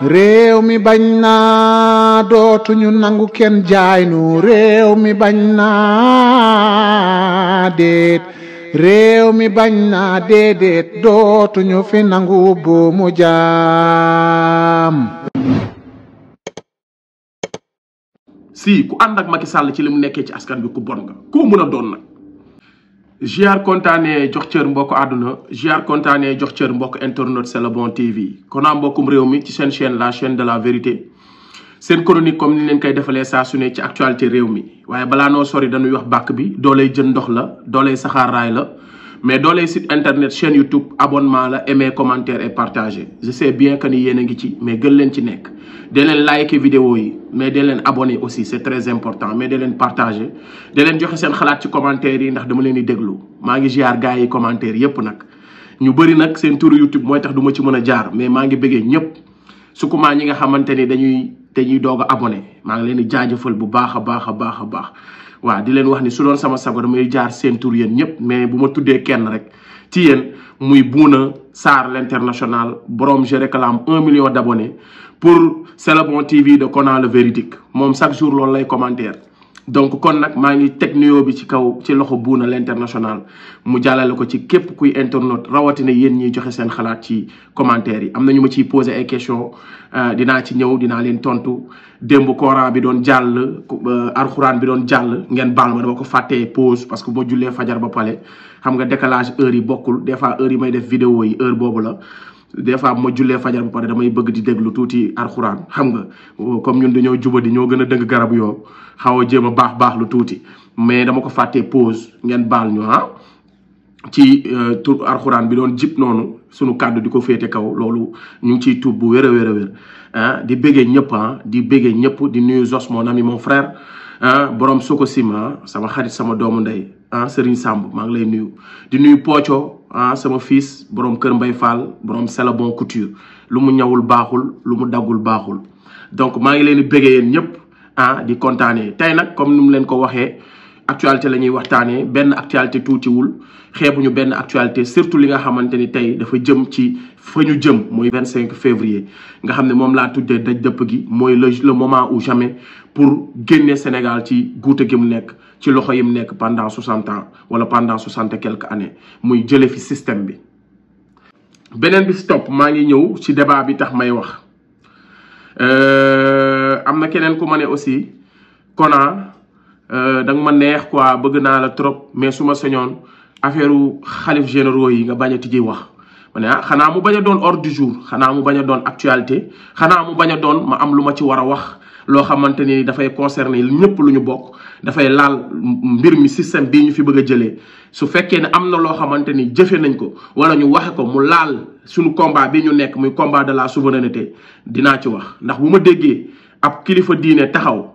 réew mi bañ naa dootuñu nangu kenn jaay nu réew mi bañ naa déet réew mi bañ naa déedéet dootuñu fi nangu buumu jaam. si ku ànd ak Macky sàll ci li mu nekkee ci askan bi ku bon nga koo mën a doon nag. Giar kontaanee jox cër mbokk àdduna Giar kontaanee jox cër mbokk internet c'est le bon TV kon naa mbokkum réew mi ci seen chaîne la chaîne de la vérité seen chronique comme ni leen koy defalee saa su ne ci actualité réew mi waaye balaa noo sori dañuy wax bàkk bi doolay jën ndox la doolay saxaaraay la. mais dans les sites internet chaîne YouTube abonnement aimez, commentaire et partagez. je sais bien que vous êtes mais vous êtes ci Donnez like vidéo mais donnez abonné aussi c'est très important mais donnez vous partager vous leen joxe seen dans ci commentaires, yi ndax dama êtes là. vous ngi ziar yi YouTube moi tax du ci mais vous ngi bëggee vous ñi nga dañuy abonné ngi vous waaw di leen wax ni su doon sama sago damay jaar seen tur ñëpp mais bu ma tuddee kenn rek ci yéen muy Bouna Sarr l'international borom je réclame un million d'abonnés pour C'est le bon TV de Kona le véridique moom chaque jour loolu lay commentaire donc kon nag maa ngi teg bi ci kaw ci loxo Buuna l'international mu jàllale ko ci képp kuy internaute rawatina yéen ñiy joxe seen xalaat ci commentaire yi am na ñu ma ciy posé ay questions euh, dinaa ci ñëw dinaa leen tontu démb Coran bi doon jàll euh, alxuraan bi doon jàll ngeen baal ma dama ko fàttee pause parce que boo jullee fajar ba pale xam nga décalage heure yi bokkul des fois heure yi may def vidéo yi heure boobu la. des fois bu ma jullee fajar bu pare damay bëgg di déglu tuuti alxuraan xam nga comme ñun dañoo juba di ñoo gën a dëng garab yoo xaw a jéem a baax baax lu tuuti mais dama ko fàtte pause ngeen baal ñu ah ci euh, tur alxuraan bi doon jib noonu sunu kàddu di ko féete kaw loolu ñu ngi ciy tuub bu wér a wér a wér ah di béggee ñëpp ah di béggee ñëpp di nuyu Zos mon ami mon frère ah borom Sococim ah. sama xarit sama doomu ndey ah Serigne Samb ma ngi lay nuyu di nuyu Poco hein ah, sama fils borom keur Mbay Fall borom Salabon Couture lu mu ñawul baxul lu mu daggul donc ma ngi leen di bëggee ñëpp ah di kontaanee tay nak comme ni mu leen ko waxé actualité la ñuy Ben benn actualité tuutiwul xeebuñu ben actualité surtout li nga xamante tay dafa jëm ci fañu jëm moy 25 février nga xamné mom la tuddé tuddee daj dëpp gi moy le le moment ou jamais pour gagner Sénégal ci guute gi mu nekk. ci loxo yim nek pendant 60 ans wala pendant 60 quelques années muy jëlé fi système bi benen bi stop ma ngi ñëw ci débat bi tax may wax euh amna keneen ku mané aussi kona euh, da nga ma neex quoi bëgg na la trop mais suma ma affaireu khalif généraux yi nga baña a wax mané ah, xana mu baña don ordre du jour xana mu baña don actualité xana mu baña don ma am luma ci wara wax loo xamante ni dafay concerner ñëpp lu ñu bokk dafay laal mbir mi système bii ñu fi bëgg a jëlee su fekkee ne am na loo xamante ni jëfe nañ ko wala ñu waxe ko mu laal suñu combat bii ñu nekk muy combat de la souveraineté dinaa ci wax ndax bu ma déggee ab kilifa diine taxaw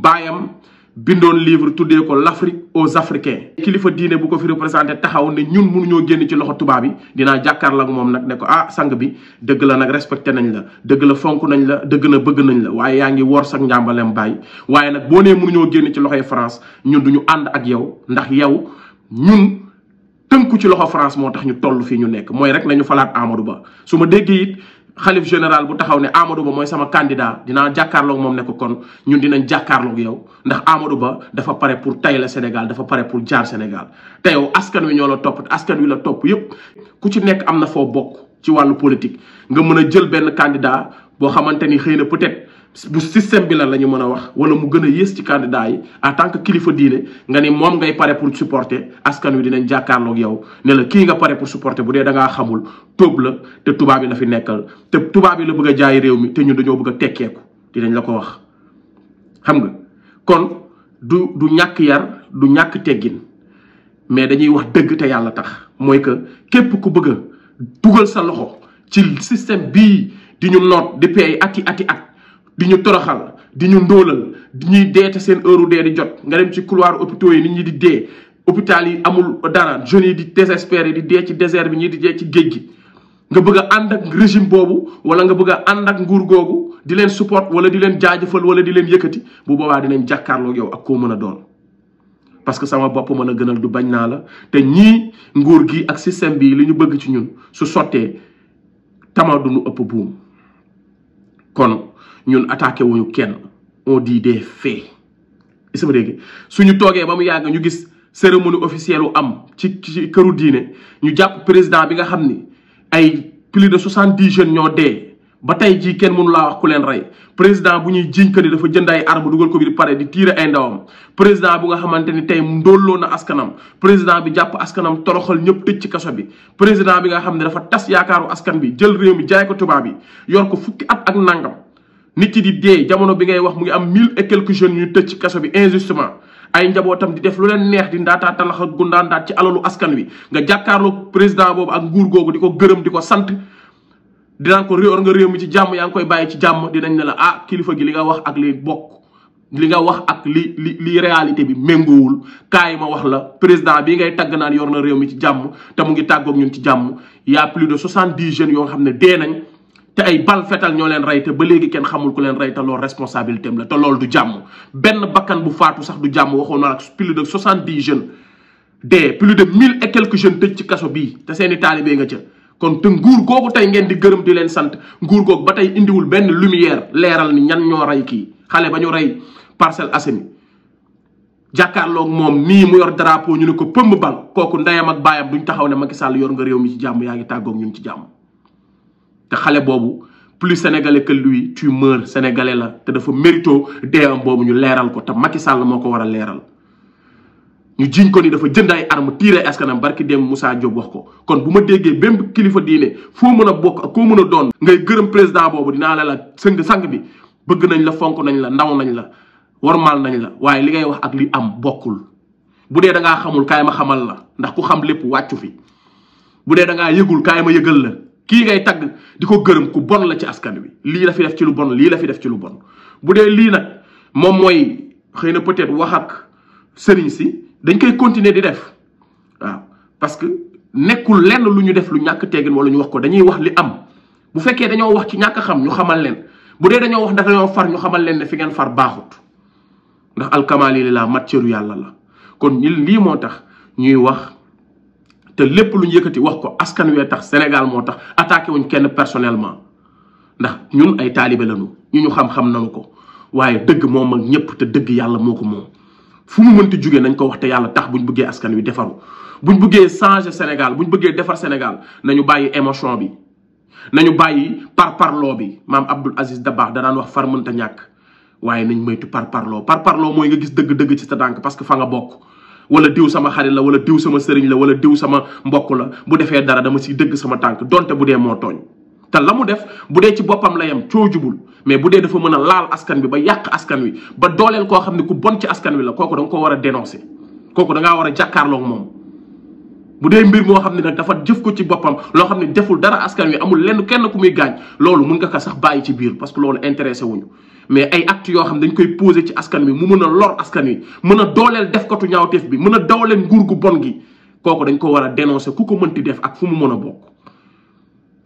baayam bindoon livre tuddee ko l'Afrique aux Africains kilifa diine bu ko fi représenté taxaw ne ñun ñoo génn ci loxo tubaab yi dinaa jàkkaarloo ak moom nag ne ko ah sang bi dëgg la nag respecté nañ la dëgg la fonk nañ la dëgg na bëgg nañ la waaye yaa ngi wor sax njàmbalem bàyyi waaye nag boo nee mënuñoo génn ci loxoy France ñun ñu ànd ak yow ndax yow ñun tënku ci loxo France moo tax ñu toll fii ñu nekk mooy rek nañu falaat Amadou Ba su ma déggee xalif général bu taxaw ne Amadou Ba mooy sama candidat dinaa jàkkaarloog moom ne ko kon ñun dinañ jàkkaarloog yow ndax Amadou Ba dafa pare pour tay la Sénégal dafa pare pour jaar Sénégal te askan wi ñoo la topp askan wi la topp yëpp ku ci nekk am na foo bokk ci wàllu politique nga mën a jël benn candidat boo xamante ni xëy na peut-être bu système bi lan la ñu mën a wax wala mu gën a yées ci candidat yi en tant que kilifa diine nga ni moom ngay pare pour supporter askan wi dinañ jàkkaarloog yow ne la kii nga pare pour supporter bu dee da ngaa xamul toog la te tubaab yi la fi nekkal te tubaab yi la bëgg a jaay réew mi te ñun dañoo bëgg a tekkeeku dinañ la ko wax. xam nga kon du du ñàkk yar du ñàkk teggin mais dañuy wax dëgg te yàlla tax mooy que képp ku bëgg a dugal sa loxo ci système bii di ñu noot di pay ati at. di ñu toroxal di ñu ndóolal di ñuy deete seen heure dee di jot nga dem ci couloir hôpitaux yi nit ñi di dee hôpital yi amul dara jeunes yi di yi di dee ci désert bi ñi di dee ci géej gi nga bëgg a ànd ak régime boobu wala nga bëgg a ànd ak nguur googu di leen support wala di leen jaajëfal wala di leen yëkkati bu boobaa dinañ jàkkaarloo yow ak koo mën a doon parce que sama bopp mën a gënal du bañ naa la te ñii nguur gi ak système bi li ñu bëgg ci ñun su sottee tama du ëpp buum ñun attaqué ñu kenn on dit des faits est dégg su ñu toogee ba mu yàgg ñu gis cérémonie officielle wu am ci ci këru diine ñu jàpp président bi nga xam ni ay plus de soixante dix jeunes ñoo dee ba tey jii kenn mënu laa wax ku leen rey président bu ñuy jiñ kër ni dafa jënd ay arme dugal ko bi di pare di tiire ay ndawam président bu nga xamante ni tey ndóolloo na askanam président bi jàpp askanam toroxal ñëpp tëj ci kaso bi président bi nga xam ne dafa tas yaakaaru askan bi jël réew mi jaay ko tubaab bi yor ko fukki at ak nangam nit ci di dee jamono bi ngay wax mu ngi am 1000 et quelques jeunes ñu tecc ci kasso bi injustement ay di def lu leen neex di ndata talax ak gundaandaat ci alalu askan wi nga jakarlo président bobu ak nguur diko gëreum ko sante di ko ko rior nga rew mi ci jamm yang koy baye ci jàmm la ah kilifa gi li nga wax ak li bok li nga wax ak li li réalité bi méngoowul kaay ma wax la président bi ngay tag nan yor na rew mi ci jamm te mu ngi tagok ñun ci jàmm y a plus de 70 jeunes yo xamne dé nañ té ay bal fétal ño leen ray té ba légui kèn xamul ku leen ray té lool responsabilité la té lool du jamm ben bakkan bu faatu sax du jamm waxo na ak plus de 70 jeunes dé plus de 1000 et quelques jeunes tëj ci kasso bi té seen talibé nga ci kon té nguur gogou tay ngeen di gëreum di leen sant nguur gog ba indi wul benn lumière léral ni ñan ño ray ki xalé ba ñu parcel Parcelles jakarlo ak mom ni mu yor drapeau ñu ne ko pemb bal koku ndayam ak bayam duñ taxaw ne Macky Sall yor nga rew mi ci jamm yaa ngi ñun ci jamm te xale boobu plus sénégalais que lui tu meurs la te dafa mérito dee am boobu ñu leeral ko te makki Sall moo ko war a leeral ñu jiiñ ko ni dafa jënd ay arme tiire askanam barki dem Moussa Diop wax ko kon bu ma déggee bépp kilifa diine foo mën a bokk ak koo mën a doon ngay gërëm président boobu dinaa la la sëng sang bi bëgg nañ la fonk nañ la ndaw nañ la war warmal nañ la waaye li ngay wax ak li am bokkul bu dee da ngaa xamul kaay ma xamal la ndax ku xam lépp wàccu fi bu dee da ngaa yëgul kaay ma yëgal la ki ngay tag diko gërëm ku bon la ci askan wi li la fi def ci lu bon li la fi def ci lu bon bu dé li nak mom moy xeyna peut-être wax ak serigne si dañ koy continuer di def wa parce que nekul lenn luñu def lu ñak téggin wala ñu wax ko dañuy wax li am bu fekkee dañu wax ci ñak xam ñu xamal leen bu dee dañoo wax ndax far ñu xamal leen fi ngeen far baaxut ndax al lillah yalla la kon ñi li motax ñuy wax te lépp lu ñu yëkkati wax ko askan wee tax Sénégal moo tax attaqué wuñ kenn personnellement ndax ñun ay taalibe lañu ñu ñu xam-xam nañu ko waaye dëgg moom ak ñëpp te dëgg yàlla moo ko moom fu mu mënti jógee nañ ko wax te yàlla tax buñ bëggee askan wi defaru ñu bëggee changer Sénégal buñ bëggee defar Sénégal nañu bàyyi émotion bi nañu bàyyi par parloo bi maam Abdoul Aziz Dabakh danaan wax far mënta ñàkk waaye nañ moytu par parloo par parloo mooy nga gis dëgg-dëgg ci sa tànk parce que fa nga bokk wala diw sama xarit la wala diw sama sëriñ la wala diw sama mbokk la bu defee dara dama si dëgg sama tànk donte bu dee moo tooñ te la mu def bu dee ci boppam la yem coo mais bu dee dafa mën a laal askan wi ba yàq askan wi ba dooleel koo xam ne ku bon ci askan wi la kooku da nga ko a dénoncer kooku da ngaa a jàkkaarloo moom bu dee mbir moo xam ne nag dafa jëf ko ci boppam loo xam ne deful dara askan wi amul lenn kenn ku muy gaañ loolu mun nga ko sax bàyyi ci biir parce que loolu intéressé wuñu mais ay act yoo xam dañ koy posé ci askan wi mu mën a lor askan wi mën a dooleel def ñaaw ñaawteef bi mën a dawaleen nguur gu bon gi kooku dañ koo war a dénoncer ku ko mënti def ak fu mu mën a bokk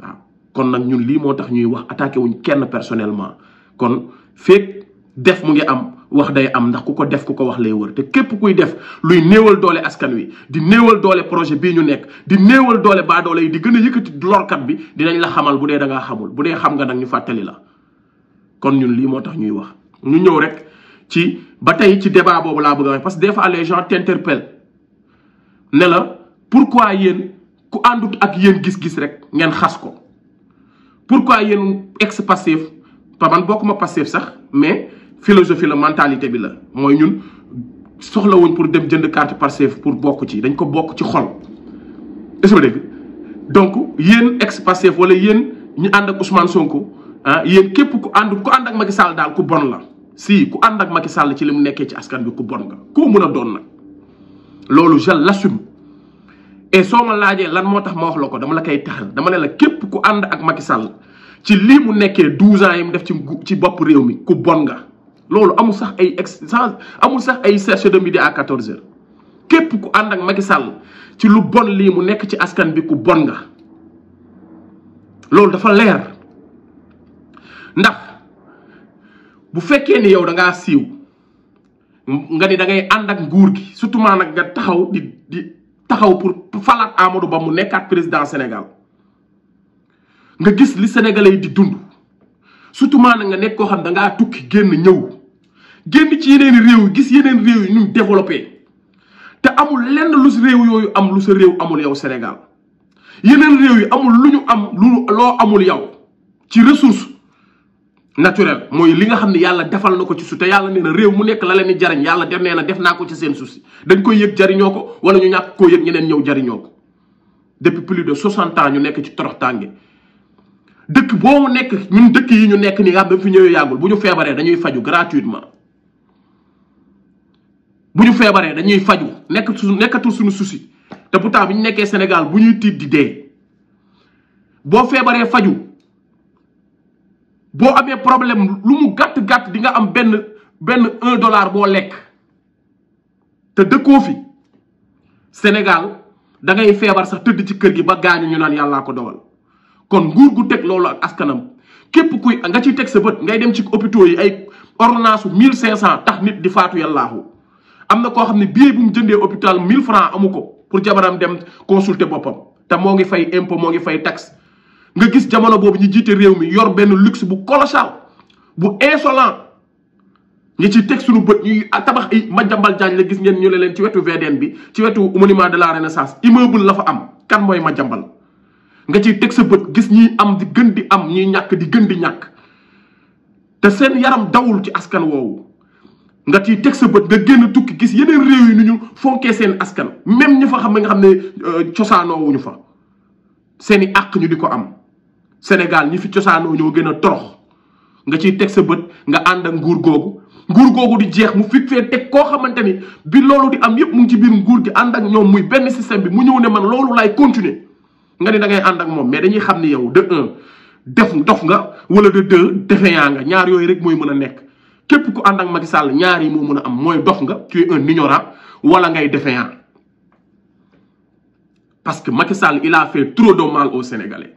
waaw kon nag ñun lii moo tax ñuy wax attaqué wuñ kenn personnellement kon feeg def mu ngi am wax day am ndax ku ko def ku ko wax lay wër te képp kuy def luy néewal doole askan wi di néewal doole projet bii ñu nekk di néewal doole baa doole yi di gën a yëkkati lorkat bi dinañ la xamal bu dee dangaa ngaa xamul bu dee xam nga nag ñu fàttali la kon ñun nous ñuy wax ñu ñew rek ci ba ci débat bobu la bëgg parce que des fois les gens t'interpellent ne la pourquoi yeen ku andut ak gis-gis rek ngeen ko pourquoi ex passif pa passif sax mais philosophie la mentalité bi la moy ñun pour dem jënd carte passif pour bokku ci dañ ko ci xol est que donc yeen ex passif wala yeen ñu and ak Ousmane Sonko ah yéen képp ku ànd ku ànd ak Macky daal ku bon la si ku ànd ak Macky Sall ci li mu nekkee ci askan bi ku bon nga koo mën a doon nag loolu je l'assume et soo ma laajee lan moo tax ma wax ko dama la koy taxal dama ne la képp ku ànd ak Macky Sall ci lii mu nekkee 12 ans yi mu def ci ci bopp réew mi ku bon nga. loolu amul sax ay ex amul sax ay session de midi à 14 heures képp ku ànd ak Macky Sall ci lu bon lii mu nekk ci askan bi ku bon nga loolu dafa leer. ndax bu fekke ni yow da nga siw nga ni da ngay and ak nguur gi surtout man nak nga taxaw di di taxaw pour falat Amadou Ba mu nekkat president senegal nga gis li sénégalais di dund surtout man nga nek ko xam da nga tukki genn ñew genn ci yeneen réew gis yeneen réew ñu développer te amul lenn lu si réew yoyu am lu sa réew amul yow senegal yeneen réew yi amul luñu am lu loo amul yow ci ressource naturel mooy li nga xam ne yàlla defal na ko ci suuf te yàlla nee na réew mu nekk la leen di jariñ yàlla def nee na def naa ko ci seen suuf si dañ koy yëg jariñoo ko wala ñu ñàkk koo yëg ñeneen ñëw jariñoo ko depuis plus de 60 ans ñu nekk ci torox tànge dëkk boo nekk ñu dëkk yi ñu nekk ni nga xam fi ñëwee yàggul bu ñu feebaree dañuy faju gratuitement bu ñu feebaree dañuy faju nekk su nekkatul suñu souci te pourtant bi ñu nekkee Sénégal bu ñuy tiit di dee boo feebaree faju bo amé problème lu mu gatt gatt di nga am ben ben 1 dollar bo lek te ko fi sénégal da ngay fébar sax teud ci kër gi ba gañu ñu nan yalla ko dowal kon nguur gu tek lolu ak askanam képp kuy nga ci tek sa beut ngay dem ci hôpitaux yi ay ordonnance 1500 tax nit di faatu yallahu amna ko xamni billet bu mu jëndé hôpital 1000 francs amuko pour jabaram dem consulter bopam ta mo ngi fay impôt mo ngi fay taxe nga gis jamono bobu ñi jité réew mi yor ben luxe bu colossal bu insolent ñi ci tek suñu bëtt ñi tabax ay jambal jaaj la gis ngeen ñu leen ci wetu VDN bi ci wetu monument de la renaissance immeuble la fa am kan ma jambal nga ci tek sa bëtt gis ñi am di gën di am ñi ñak di gën di ñak te seen yaram dawul ci askan woow nga ci tek sa bëtt nga génn tukki gis yeneen réew yi ñu fonké seen askan même ñi fa xam nga xam ne euh, wuñu fa seni ak ñu di ko am Senegal, ñi fi cosaanoo ñoo gën a torox nga ciy teg sa bët nga ànd ak nguur googu nguur googu di jeex mu fit fee teg koo xamante ni bi loolu di am yépp mu ngi ci biir nguur gi ànd ak ñoom muy benn système bi mu ñëw ne man loolu lay continuer nga ni da ngay ànd ak moom mais dañuy xam ni yow de un def dof nga wala de deux defeyaa nga ñaar yooyu rek mooy mën a nekk képp ku ànd ak Macky Sall ñaar yi moo mën a am mooy dof nga tu es un ignorant wala ngay defeyaa parce que Macky Sall il a fait trop de mal au Sénégalais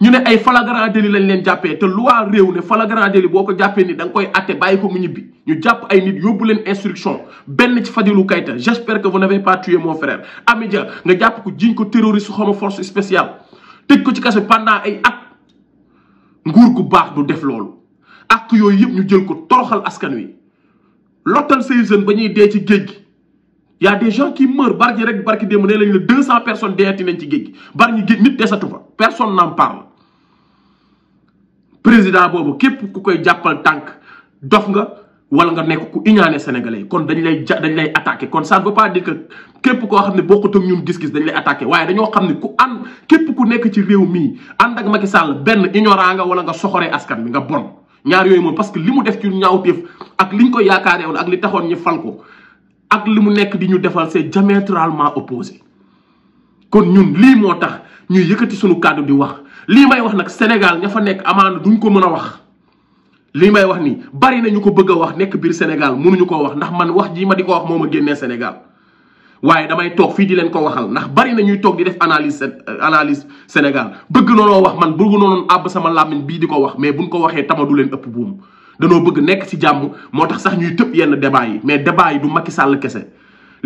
ñu ne ay flagrant délit lañ leen jappé té loi réew ne flagrant délit boo ko jàppee ni dang koy atté bayiko mu ñibbi ñu japp ay nit yóbbu leen instruction ben ci Fadilou Keita j'espère que vous n'avez pas tué mon frère Amy Dia nga japp ko jiñ ko terroriste xawma force spéciale tëj ko ci kaso pendant ay at nguur gu baax du def lool ak yoy yep ñu jël ko toroxal askan wi lottal say jeunes ba ñuy ci géej il y a des gens qui meurent barki rek barki dem nee lañ la deux personnes deeti nañ ci géej gi bari nit desatu fa personne n'en parle président boobu képp ku koy jàppal tànk dof nga wala nga nekk ku iñaane sénégalais yi kon dañ lay ja dañ lay attaqué kon ça ne veut képp koo xam ne bokkut ak ñun gis-gis dañ lay attaqué waaye dañoo xam ne ku ànd képp ku nekk ci réew mii ànd ak Macky Sall benn ignorant nga wala nga soxoree askan bi nga bon ñaar yooyu moom parce que li mu def ci ñaawteef ak liñ ko yaakaaree woon ak li taxoon ñu fal ko ak li mu nekk di ñu defal c'est jametralement opposé kon ñuy yëkëti suñu cadre di wax li may wax nak sénégal ña fa nek amana duñ ko mëna wax li may wax ni bari nañu ko bëgg wax nek biir sénégal mënuñu ko wax ndax man wax ji ma di wax moma génné sénégal waye damay tok fi di len ko waxal ndax bari ñuy tok di def analyse euh, analyse sénégal bëgg nono wax man bëgg nono ab sama lamine bi diko wax mais buñ ko waxé tama du len ëpp buum dañu bëgg nek ci jamm motax sax ñuy tepp yenn débat yi mais débat yi du Macky Sall kessé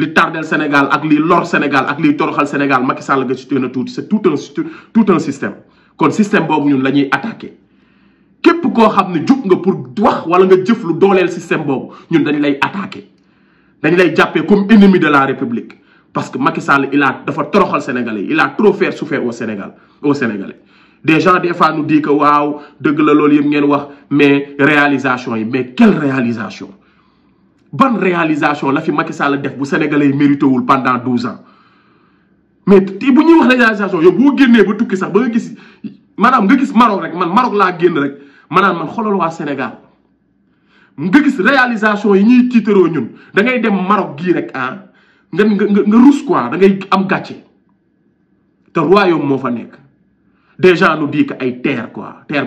li tardel Sénégal ak li lor Sénégal ak li toroxal Sénégal Macky Sall nga ci gën tout, c'est tout un tout un système kon système boobu ñun la ñuy attaqué képp koo xam nga pour wax wala nga jëf lu dooleel système boobu ñun dañ lay attaqué dañ lay jàppee comme ennemi de la République parce que Macky Sall il a dafa toroxal Sénégalais il a trop fait souffrir au Sénégal au Sénégalais des gens des fois nous disent que waaw de la loolu ngeen wax mais réalisation yi mais quelle réalisation Bonne réalisation la fi Macky def bu sénégalais mérité pendant 12 ans mais bu wax réalisation yo bo ba tukki sax ba nga gis manam nga gis Maroc rek man Maroc l'a je rek man xolal Sénégal nga gis réalisation yi ñi tiitaroo ñun da ngay dem Maroc gi rek hein nga nga nga quoi da ngay am royaume fa déjà nous di que ay terre quoi terre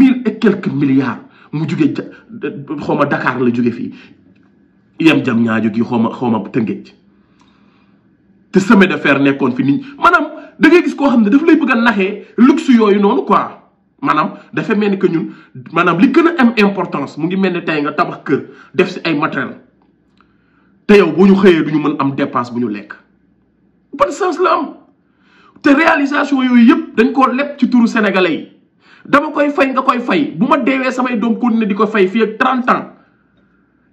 et quelques milliards. mu jugé xoma dakar la jugé fi yam jam ñaajo gi xoma xoma teungeej te semé de fer nekkon fi nit manam da ngay gis ko xamne daf lay bëgg naxé luxe yoyu nonu quoi manam fa melni que ñun manam li gëna am importance mu ngi melni tay nga tabax kër def ci ay matériel te yow bu ñu xëyé duñu mën am dépense bu ñu lekk ban sens la am te réalisation yoyu yëpp dañ ko lepp ci touru sénégalais dama koy fay nga koy fay bu ma deewee samay doom continuer di ko fay fii ak 30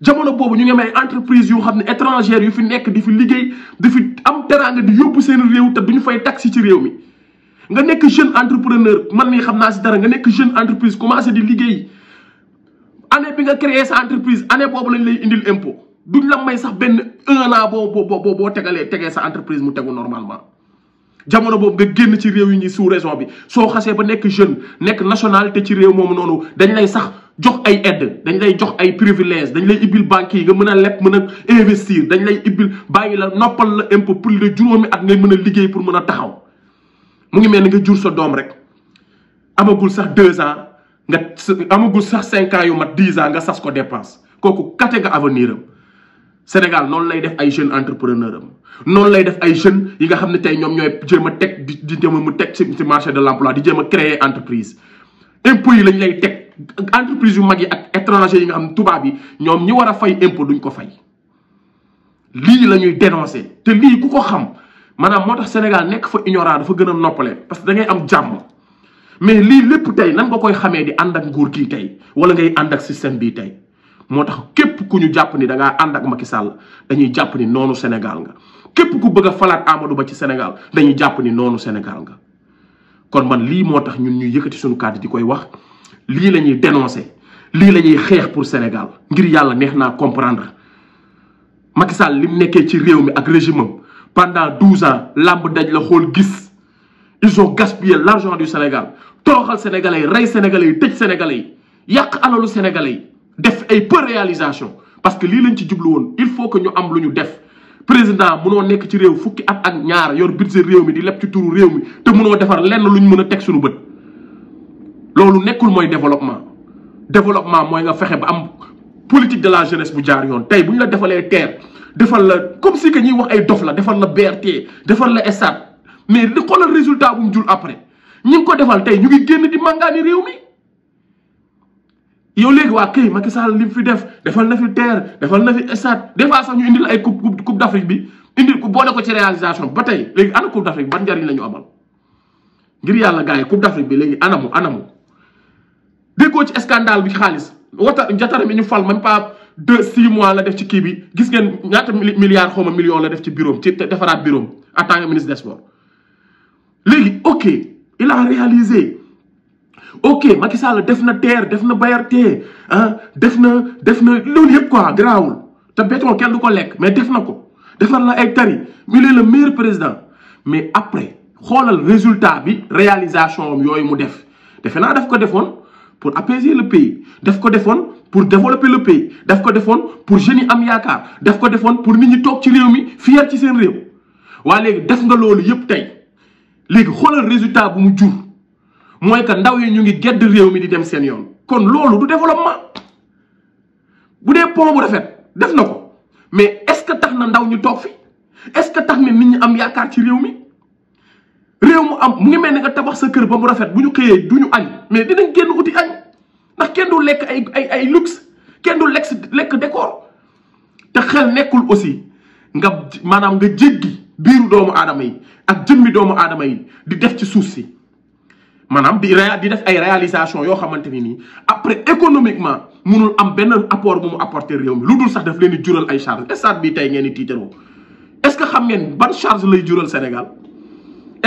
jamono boobu ñu ngi am ay entreprise yu xam ne étrangères yu fi nekk di fi liggéey di fi am teraanga di yóbbu seen réew te duñu fay taxi ci réew mi. nga nekk jeune entrepreneur man mii xam naa si dara nga nekk jeune entreprise commencé di liggéey année bi nga créé sa entreprise année boobu lañ lay indil impôt duñ la may sax benn un an boo boo boo boo tegalee tegee sa entreprise mu tegu normalement. jamono boobu nga génn ci réew yi ñi sous raison bi soo xasee ba nekk jeune nekk nationalité ci réew moomu noonu dañ lay sax jox ay aide dañ lay jox ay privilège dañ lay ibbil banque yi nga mën a lekk mën a investir dañ lay ibbil bàyyi la noppal la impôt pour le juróomi at ngay mën a liggéey pour mën a taxaw mu ngi mel ni nga jur sa doom rek amagul sax deux ans nga amagul sax cinq yu mat dix ans nga sas ko dépense kooku kate nga avenir am Sénégal noonu lay def ay jeunes entrepreneur am noonu lay def ay jeunes yi nga xam ne tey ñoom ñooy jéem a teg di di jéem a mu teg ci marché de l'emploi di jéem a créer entreprise impôts yi lañ lay teg entreprise yu mag yi ak étranger yi nga xam ne tubaab yi ñoom ñi war a fay impôt duñ ko fay lii lañuy ñuy te lii ku ko xam maanaam moo tax Sénégal nekk fa ignorant dafa gën a noppale parce que da ngay am jàmm mais lii lépp tey nan ko koy xamee di ànd ak nguur kii tey wala ngay ànd ak système bii tey motax kep ku ñu japp ni da nga and ak Macky Sall dañuy japp ni nonu Sénégal nga kep ku bëgg falat Amadou Ba ci Sénégal dañuy japp ni nonu Sénégal nga kon man li motax ñun ñu yëkëti suñu di koy wax li lañuy dénoncer li lañuy la Senegal. pour Sénégal ngir Yalla neex naa comprendre Macky Sall lim nekké ci réew mi ak régime pendant 12 ans lamb daj la xol gis ils ont gaspillé l'argent du Sénégal toxal sénégalais ray sénégalais tej sénégalais yak sénégalais def ay peu réalisation parce que li lañ ci djublu won il faut que ñu am luñu def président mëno nek ci réew fukki at ak ñaar yor budget réew mi di lepp ci touru réew mi te mëno défar lenn luñu mëna a suñu bëtt lolu nekul moy développement développement moy nga fexé ba am politique de la jeunesse bu jaar yoon tay buñ la défalé terre défal la comme si que ñi wax ay dof la défal la BRT défal la stade mais di xoolal résultat bu mu jul après ñi ko défal tay ñu ngi génn di mangani réew mi yow léegi waa kay Macky Sall li fi def defal na fi terre defal na fi stade des fois sax ñu indil ay coupe coupe d'Afrique bi indil ko bolé ko ci réalisation ba tey léegi ana coupe d'Afrique ban njariñ lañu amal ngir yalla gars coupe d'Afrique bi léegi anamu anamu déggo ci scandale bi xaliss wata jatara mi ñu fal même pas deux six mois la def ci kii bi gis ngeen ñaata milliards xoma ma million la def ci bureau ci défarat bureau en tant que ministre des sports léegi ok il a réalisé ok Macky Sall def na TER def na BRT ah def na def na loolu yëpp quoi garaawul te béton kenn du ko lekk mais def na ko defar na ay tari mu le meilleur président mais après xoolal résultat bi réalisation am yooyu mu def defe naa daf ko defoon pour apaiser le pays daf ko defoon pour développer le pays daf ko defoon pour jeunes yi am yaakaar daf ko defoon pour nit ñi toog ci réew mi fier ci seen réew waa léegi def nga loolu yëpp tey léegi xoolal résultat bu mu jur moy que ndaw yi ñu ngi gedd réew mi di dem seen yoon kon loolu du développement bu dee pont bu rafet def na ko mais est-ce que tax na ndaw ñu toog fi est-ce que tax mi nit ñi am yaakaar ci réew mi réew mu am mu ngi mel ne nga tabax sa kër ba mu rafet bu ñu xëyee du añ mais dinañ génn uti añ ndax kenn du lekk ay ay ay luxe kenn du lekk lekk décor te xel nekkul aussi nga maanaam nga jéggi biiru doomu aadama yi ak jëmmi doomu aadama yi di def ci suuf si manam bi di def ay réalisation yo xamanteni ni après économiquement mënul am benn apport bu mu apporter réew mi lu sax daf leen jural ay charge stade bi tay ngeen di est-ce que xam ngeen ban charge lay jural Sénégal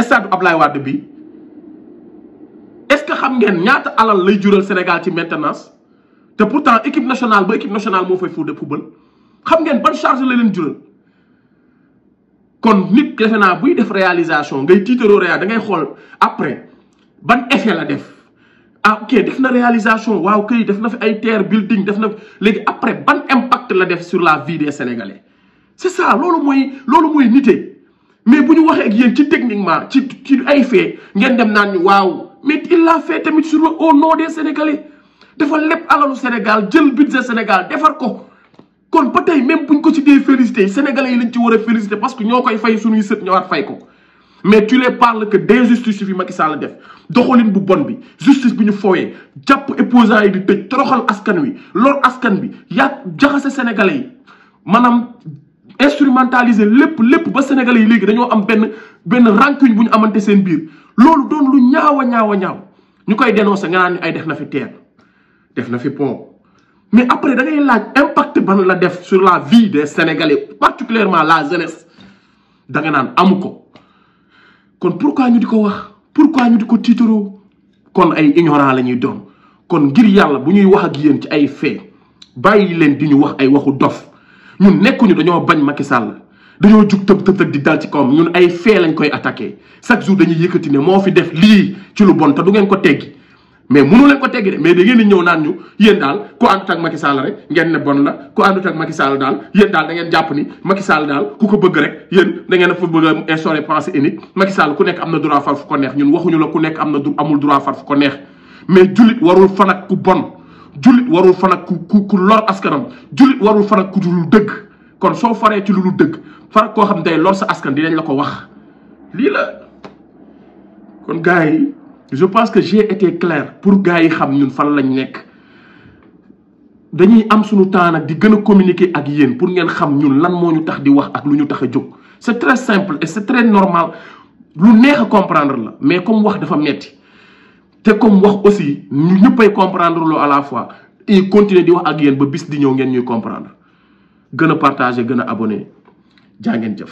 stade bu Ablaye bi est-ce que xam ngeen ñaata alal lay jural Sénégal ci maintenance te pourtant équipe nationale ba équipe nationale mo fay de football xam ngeen ban charge la leen jural kon nit defena buy def réalisation ngay titero réa da ngay xol après ban effet la def ah ok def na réalisation waaw këy def na fi ay terre building def na léegi après ban impact la def sur la vie des sénégalais c'est ça loolu mooy loolu mooy nite mais bu ñu waxee ak yéen ci techniquement ci ci ay fait ngeen dem naan ñu waaw mais il l'a fait tamit sur le au nom des sénégalais dafa lépp alalu Sénégal jël budget Sénégal defar ko kon ba tey même buñ ko ci dee félicité sénégalais yi lañ ci war a félicité parce que ñoo koy fay suñuy ko mais tu les parles que d'injustice fi Macky Sall def doxalin bu bonne bi justice bi ñu fooyee jàpp opposants yi di tëj toroxal askan wi lor askan bi ya jaxase sénégalais manam instrumentaliser lepp lepp ba sénégalais yi léegi dañoo am ben ben rancune buñu ñu amante seen biir loolu doon lu ñaawa ñaawa ñaaw a koy dénoncer nga naan ay def na fi terre def na fi pont mais après da ngay laaj impact ban la def sur la vie des sénégalais particulièrement la jeunesse da nga nan amuko kon pourquoi ñu di ko wax pourquoi ñu di ko tiitaroo kon ay ignorant la ñuy doon kon ngir yàlla bu ñuy wax ak yéen ci ay fee bàyyi leen di ñu wax ay waxu dof ñun nekkuñu dañoo bañ Macky Sall dañoo jug tëb tëb di dal ci kawam ñun ay fee lañ koy attaqué chaque jour dañuy yëkkati ne moo fi def lii ci lu bon te du ngeen ko teggi mais mënu leen ko téggé de mais da ngeen ñëw naan ñu yeen daal ku àndut ak Macky Sall rek ngeen ne bon la ku àndut ak Macky Sall daal yeen daal da ngeen japp ni Macky Sall daal ku ko bëgg rek yeen da ngeen fa bëgg instauré pensée unique Macky Sall ku nekk am droit far fu ko neex ñun ñu la ku nekk am amul droit far fu ko neex mais julit warul fanak ku bon julit warul fanak ku ku ku lor askanam julit warul fanak ku dul dëgg kon so faré ci lu dëgg xam day lor sa askan lañ la ko wax li la kon gay. je pense que j'ai été clair pour gars yi xam ñun fan lañ nek dañuy am suñu temps nak di gëna communiquer ak yeen pour ngeen xam ñun lan moo ñu tax di wax ak luñu taxé tax c'est très simple et c'est très normal lu neex comprendre la mais comme wax dafa metti té comme wax aussi ñu ñëppay comprendre lo à la fois et continuer di wax ak yeen ba bis di ñëw ngeen ñuy comprendre gëna partager gëna abonner. abonné jaa jëf